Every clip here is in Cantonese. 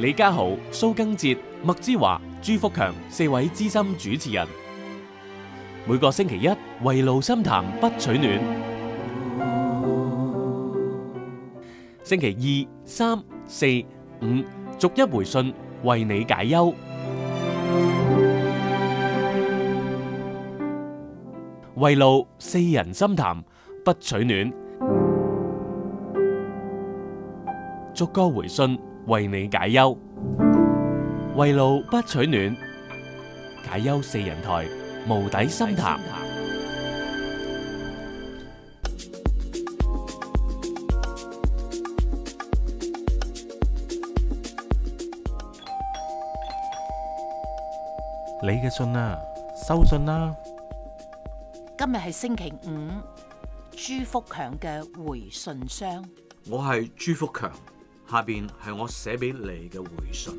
李家豪、蘇更哲、麥之華、朱福強四位資深主持人，每個星期一為路心談不取暖，星期二、三、四、五逐一回信為你解憂。為路四人心談不取暖，逐個回信。為你解憂，為路不取暖。解憂四人台，無底深潭。你嘅信啊，收信啦。今日係星期五，朱福強嘅回信箱。我係朱福強。下邊係我寫俾你嘅回信。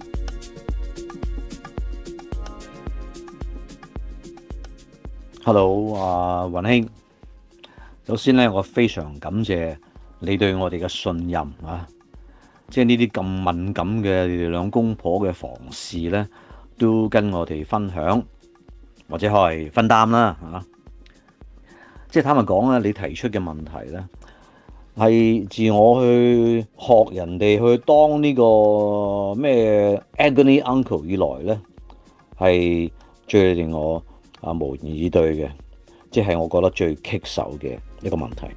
Hello，阿雲兄，首先咧，我非常感謝你對我哋嘅信任啊！即係呢啲咁敏感嘅你哋兩公婆嘅房事咧，都跟我哋分享或者可係分擔啦嚇。即係坦白講啊，你提出嘅問題咧，係自我去學人哋去當呢、這個咩 agony uncle 以來咧，係最令我啊無言以對嘅，即、就、係、是、我覺得最棘手嘅一個問題。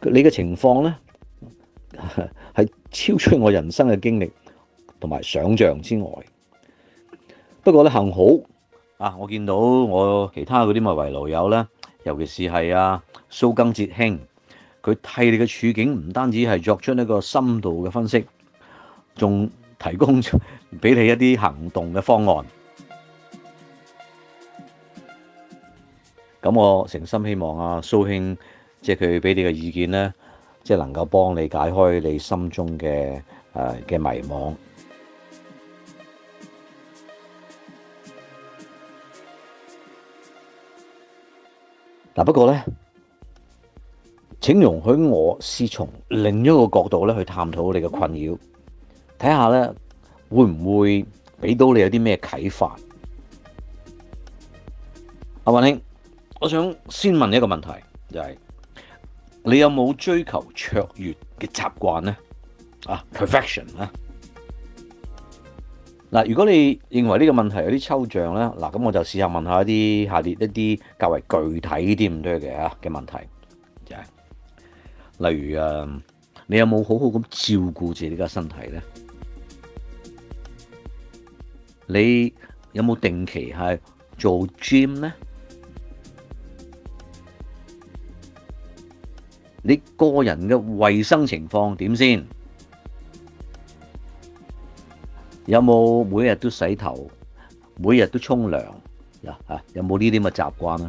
你嘅情況咧係超出我人生嘅經歷同埋想象之外。不過咧，幸好啊，我見到我其他嗰啲咪圍爐友啦。尤其是係啊，蘇更哲兄，佢替你嘅處境唔單止係作出一個深度嘅分析，仲提供俾你一啲行動嘅方案。咁我誠心希望啊，蘇兄，即係佢俾你嘅意見咧，即係能夠幫你解開你心中嘅誒嘅迷惘。嗱，不過咧，請容許我試從另一個角度咧去探討你嘅困擾，睇下咧會唔會俾到你有啲咩啟發？阿、啊、文兄，我想先問一個問題，就係、是、你有冇追求卓越嘅習慣咧？啊、ah,，Perfection 啦。嗱，如果你認為呢個問題有啲抽象咧，嗱，咁我就試下問下一啲下列一啲較為具體啲咁多嘅啊嘅問題，就係例如啊，你有冇好好咁照顧自己個身體咧？你有冇定期係做 gym 咧？你個人嘅衞生情況點先？有冇每日都洗頭，每日都沖涼呀？嚇，有沒有冇呢啲咁嘅習慣咧？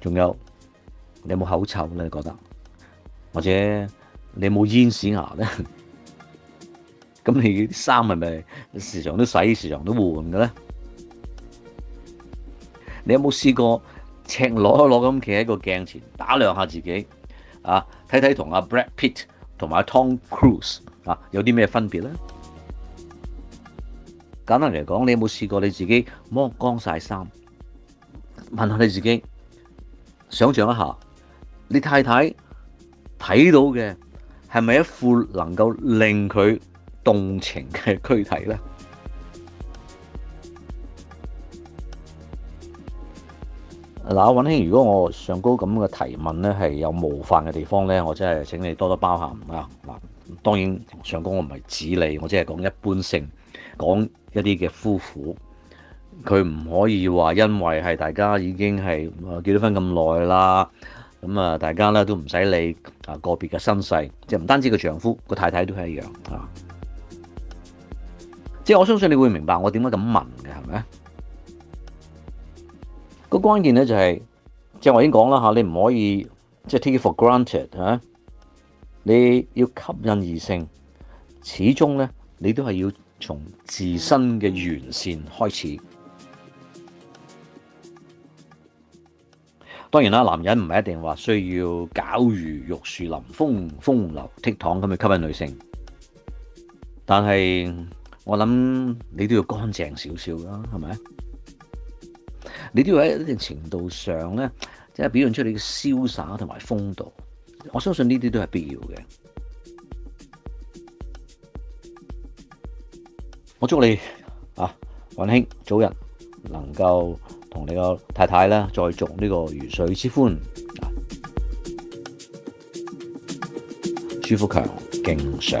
仲有你有冇口臭咧？你覺得你有冇呢或者你有冇煙屎牙咧？咁你啲衫係咪時常都洗、時常都換嘅呢？你有冇有試過赤裸裸咁企喺個鏡前打量一下自己啊？睇睇同阿 Brad Pitt 同埋 Tom Cruise。啊、有啲咩分別咧？簡單嚟講，你有冇試過你自己剝光晒衫？問下你自己，想像一下，你太太睇到嘅係咪一副能夠令佢動情嘅軀體咧？嗱、啊，揾啲，如果我上高咁嘅提問咧係有冒犯嘅地方咧，我真係請你多多包涵啊！嗱。當然，上哥我唔係指你，我只係講一般性，講一啲嘅夫婦，佢唔可以話因為係大家已經係結咗婚咁耐啦，咁啊大家咧都唔使理啊個別嘅身世，即係唔單止個丈夫個太太都係一樣啊。即係我相信你會明白我點解咁問嘅，係咪？個關鍵咧就係、是，即係我已經講啦嚇，你唔可以即係 take for granted 嚇、啊。你要吸引異性，始終咧，你都係要從自身嘅完善開始。當然啦，男人唔係一定話需要搞如玉樹臨風、風流倜儻咁去吸引女性，但是，但係我諗你都要乾淨少少啦，係咪？你都要喺一定程度上咧，即係表現出你嘅瀟灑同埋風度。我相信呢啲都係必要嘅。我祝你啊，尹兄早日能夠同你個太太咧再續呢個魚水之歡，朱福強敬上。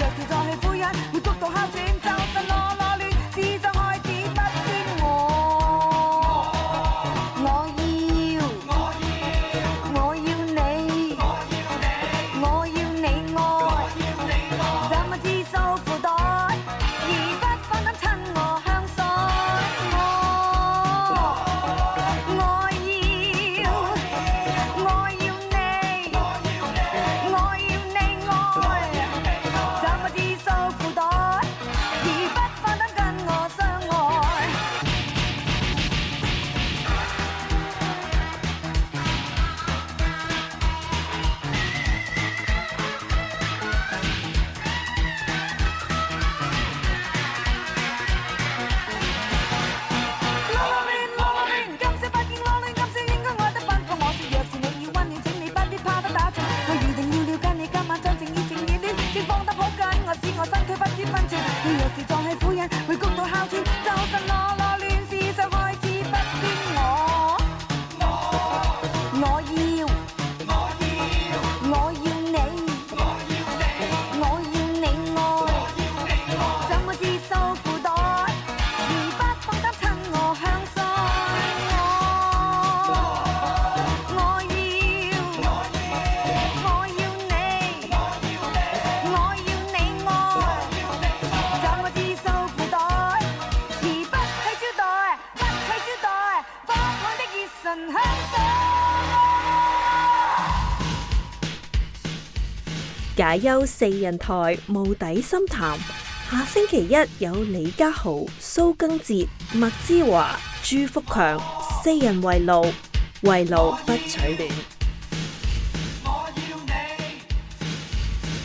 解憂四人台，無底深談。下星期一有李家豪、蘇更哲、麥之華、朱福強，四人圍爐，圍爐不取暖我。我要你，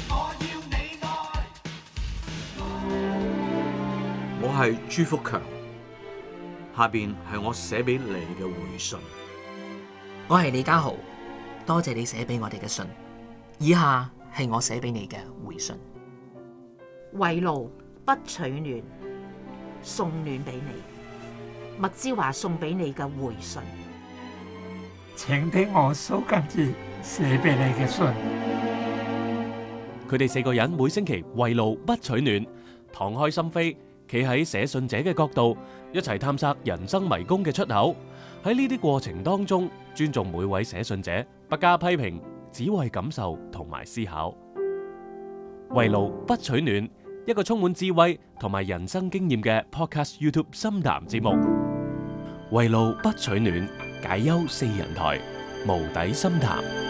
我要你愛。我係朱福強，下邊係我寫俾你嘅回信。我係李家豪，多謝你寫俾我哋嘅信。以下。係我寫俾你嘅回信，圍爐不取暖，送暖俾你。麥之華送俾你嘅回信，請聽我蘇根志寫俾你嘅信。佢哋四個人每星期圍爐不取暖，敞開心扉，企喺寫信者嘅角度，一齊探索人生迷宮嘅出口。喺呢啲過程當中，尊重每位寫信者，不加批評。只為感受同埋思考，為路不取暖，一個充滿智慧同埋人生經驗嘅 Podcast YouTube 深談節目，為路不取暖，解憂四人台，無底深談。